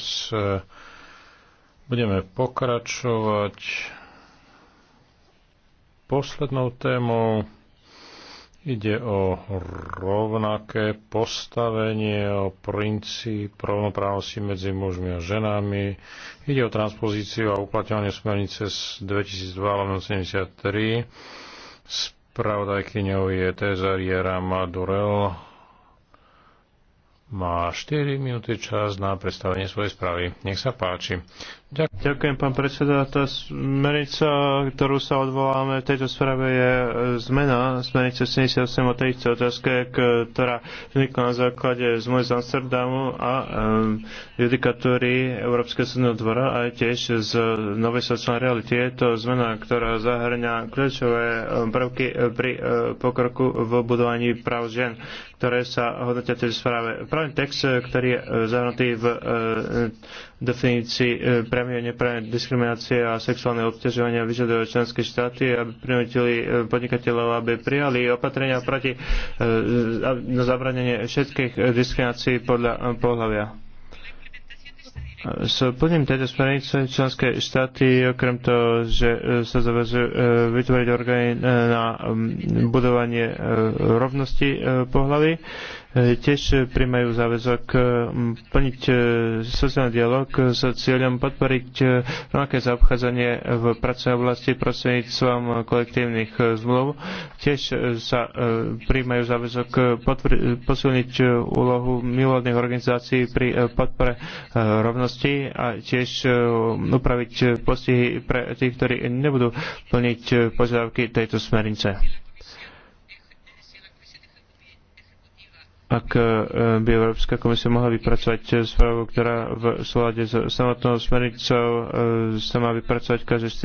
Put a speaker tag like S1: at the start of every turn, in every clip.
S1: Teraz e, Budeme pokračovať poslednou témou. Ide o rovnaké postavenie, o princíp rovnoprávnosti medzi mužmi a ženami. Ide o transpozíciu a uplatňovanie smernice z 2002-73. Spravodajkyňou je Tezaria Madurel má 4 minúty čas na predstavenie svojej správy. Nech sa páči. Ďakujem. Ďakujem, pán predseda. Tá smernica, ktorú sa odvoláme v tejto správe, je e, zmena smernice 78 o tejto otázke, ktorá vznikla na základe z z Amsterdamu a um, judikatúry Európskeho súdneho dvora a tiež z novej sociálnej reality. Je to zmena, ktorá zahrňa kľúčové e, prvky pri pokroku v budovaní práv žien, ktoré sa hodnotia v tej správe. Zároveň text, e, ktorý je e, zahrnutý v e, definícii priamej a nepriamej diskriminácie a sexuálne obťažovania vyžadujú členské štáty, aby prinútili podnikateľov, aby prijali opatrenia proti na zabranenie všetkých diskriminácií podľa pohľavia. S tejto smernice členské štáty, okrem toho, že sa zavezujú vytvoriť orgány na budovanie rovnosti pohlavy, Eh, tiež eh, príjmajú záväzok eh, plniť sociálny dialog s cieľom podporiť rovnaké zaobchádzanie v pracovnej oblasti prostredníctvom kolektívnych zmluv. Tiež sa príjmajú záväzok posilniť úlohu milovných organizácií pri podpore rovnosti a tiež upraviť postihy pre tých, ktorí nebudú plniť požiadavky tejto smernice. ak e, by Európska komisia mohla vypracovať správu, ktorá v súlade s samotnou smernicou e, sa má vypracovať každé 4 e,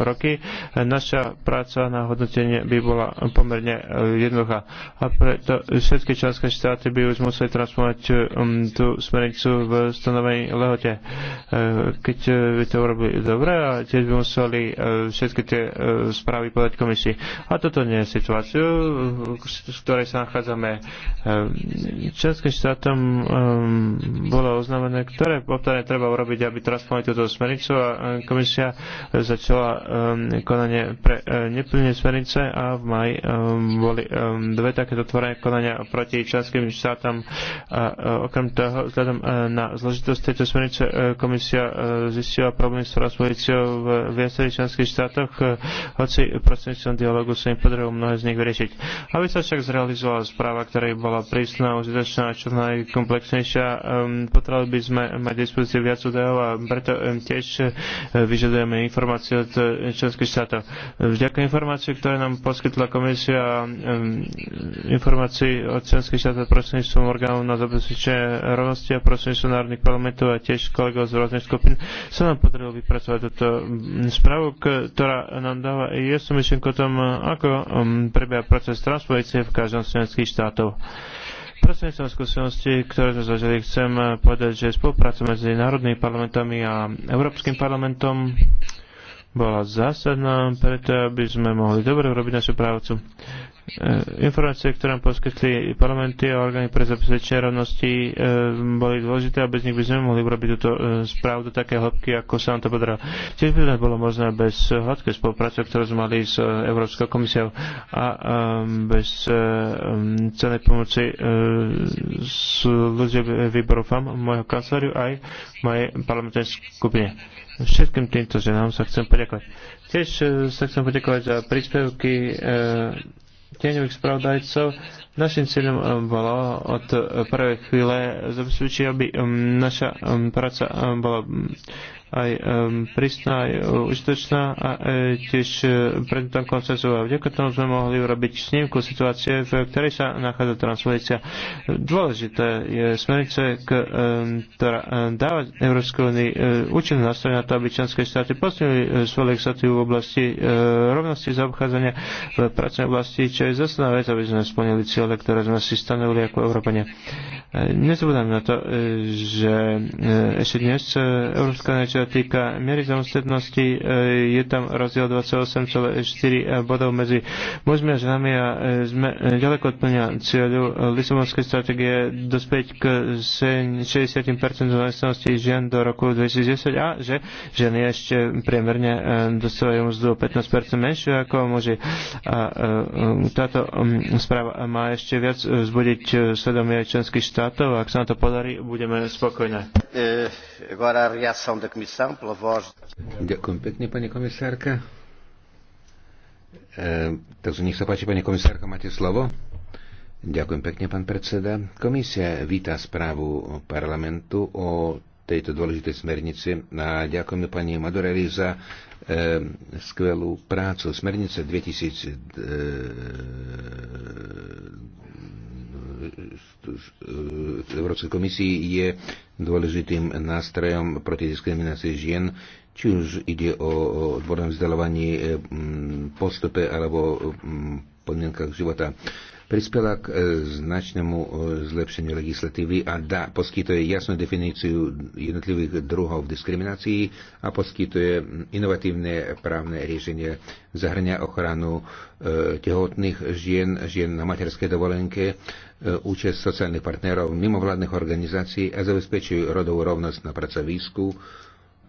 S1: roky. Naša práca na hodnotenie by bola pomerne jednoduchá. A preto všetky členské štáty by už museli transformovať tú smernicu v stanovenej lehote. Keď by to urobili dobre, a tiež by museli všetky tie správy podať komisii. A toto nie je situáciu, v ktorej sa nachádzame Českým štátom um, bolo oznámené, ktoré opatrenia treba urobiť, aby transponovali túto smernicu a e, komisia začala um, konanie pre uh, neplnenie smernice a v maji um, boli um, dve takéto otvorené konania proti členským štátom a uh, okrem toho, vzhľadom uh, na zložitosť tejto smernice, uh, komisia uh, zistila problémy s transpozíciou v viacerých členských štátoch, uh, hoci prostredníctvom dialogu sa im podarilo mnohé z nich vyriešiť. Aby sa však zrealizovala správa, ktorej bola pri na užitočná a čo najkomplexnejšia. Ehm, potrebovali by sme mať dispozíciu viac údajov a preto ehm, tiež eh, vyžadujeme informácie od eh, členských štátov. Vďaka informácií, ktoré nám poskytla komisia ehm, informácií od členských štátov prostredníctvom orgánov na zabezpečenie rovnosti a prostredníctvom národných parlamentov a tiež kolegov z rôznych skupín sa nám podarilo vypracovať túto správu, ktorá nám dáva i jasnú myšlienku o tom, ako prebieha proces transpozície v každom z členských štátov. Prostredníctvom skúseností, ktoré sme zažili, chcem povedať, že spolupráca medzi národnými parlamentami a Európskym parlamentom bola zásadná preto, aby sme mohli dobre urobiť našu prácu. E, informácie, ktoré nám poskytli parlamenty a orgány pre zabezpečenie rovnosti, e, boli dôležité a bez nich by sme mohli urobiť túto e, správu do také hĺbky, ako sa nám to podarilo. Tiež by to bolo možné bez hladkej spolupráce, ktorú sme mali s Európskou komisiou a bez celej pomoci ľudí výboru FAM, môjho kanceláriu aj mojej parlamentnej skupine. Všetkým týmto ženám sa chcem poďakovať. Tiež sa chcem poďakovať za príspevky tieňových spravodajcov. Našim cieľom um, bolo od uh, prvej chvíle zabezpečiť, aby um, naša um, práca bola aj prísna, aj e, užitočná a e, tiež e, pred tom koncenzu. A vďaka tomu sme mohli urobiť snímku situácie, v ktorej sa nachádza transpozícia. Dôležité je smernice, ktorá dáva Európskej únii účinné nástroje na to, aby členské štáty posunuli svoju legislatívu v oblasti rovnosti zaobchádzania v pracovnej oblasti, čo je zásadná vec, aby sme splnili ciele, ktoré sme si stanovili ako Európania. Nezabúdajme na to, e, že e, ešte dnes e, Európska čo týka miery zamestnanosti, je tam rozdiel 28,4 bodov medzi mužmi a ženami a sme ďaleko od plňa cieľu Lisabonskej stratégie dospieť k 60% zamestnanosti žien do roku 2010 a že ženy ešte priemerne dostávajú mzdu o 15% menšiu ako muži. A táto správa má ešte viac vzbudiť svedomie členských štátov štátov. Ak sa nám to podarí, budeme spokojné.
S2: E, ďakujem pekne, pani komisárka. E, takže nech sa páči, pani komisárka, máte slovo. Ďakujem pekne, pán predseda. Komisia víta správu parlamentu o tejto dôležitej smernici a ďakujeme pani Madureli za e, skvelú prácu. Smernice 2000, e, Európskej komisii je dôležitým nástrojom proti diskriminácii žien, či už ide o odborné vzdelávanie, postupe alebo podmienkach života prispela k e, značnému e, zlepšeniu legislatívy a da poskytuje jasnú definíciu jednotlivých druhov diskriminácií a poskytuje inovatívne právne riešenie, zahrňa ochranu e, tehotných žien, žien na materskej dovolenke, účasť sociálnych partnerov, mimovládnych organizácií a zabezpečujú rodovú rovnosť na pracovisku,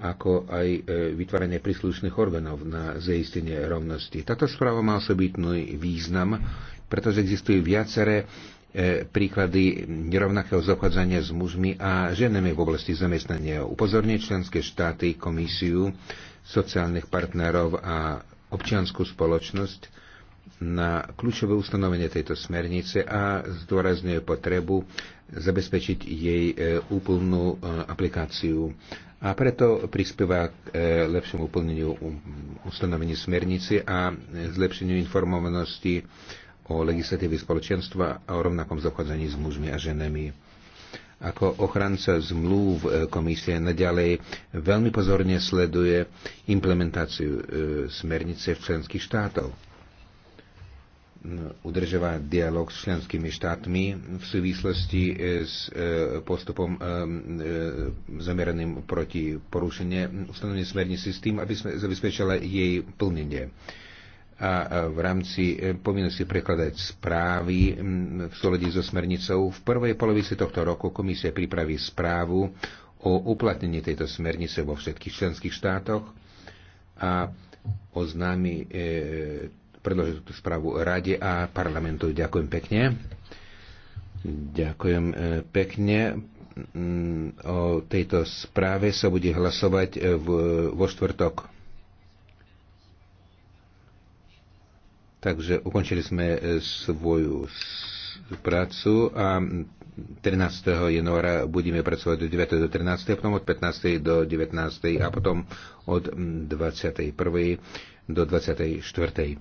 S2: ako aj e, vytváranie príslušných orgánov na zaistenie rovnosti. Táto správa má osobitný význam, pretože existujú viaceré e, príklady nerovnakého zobchádzania s mužmi a ženami v oblasti zamestnania. Upozorňuje členské štáty, komisiu, sociálnych partnerov a občianskú spoločnosť na kľúčové ustanovenie tejto smernice a zdôrazňuje potrebu zabezpečiť jej e, úplnú aplikáciu a preto prispieva k e, lepšiemu plneniu um, ustanovení smernice a zlepšeniu informovanosti o legislatíve spoločenstva a o rovnakom zachádzaní s mužmi a ženami. Ako ochranca zmluv e, komisie naďalej veľmi pozorne sleduje implementáciu e, smernice v členských štátoch udržovať dialog s členskými štátmi v súvislosti e, s e, postupom e, zameraným proti porušenie ustanovení smernice s tým, aby sme zabezpečila jej plnenie a v rámci povinnosti prekladať správy v súlade so smernicou. V prvej polovici tohto roku komisia pripraví správu o uplatnení tejto smernice vo všetkých členských štátoch a oznámi predložil túto správu Rade a parlamentu. Ďakujem pekne. Ďakujem e, pekne. Mm, o tejto správe sa bude hlasovať e, v, vo štvrtok. Takže ukončili sme e, svoju prácu a 13. januára budeme pracovať od 9. do 13. A potom od 15. do 19. a potom od 21. Mm, do 24.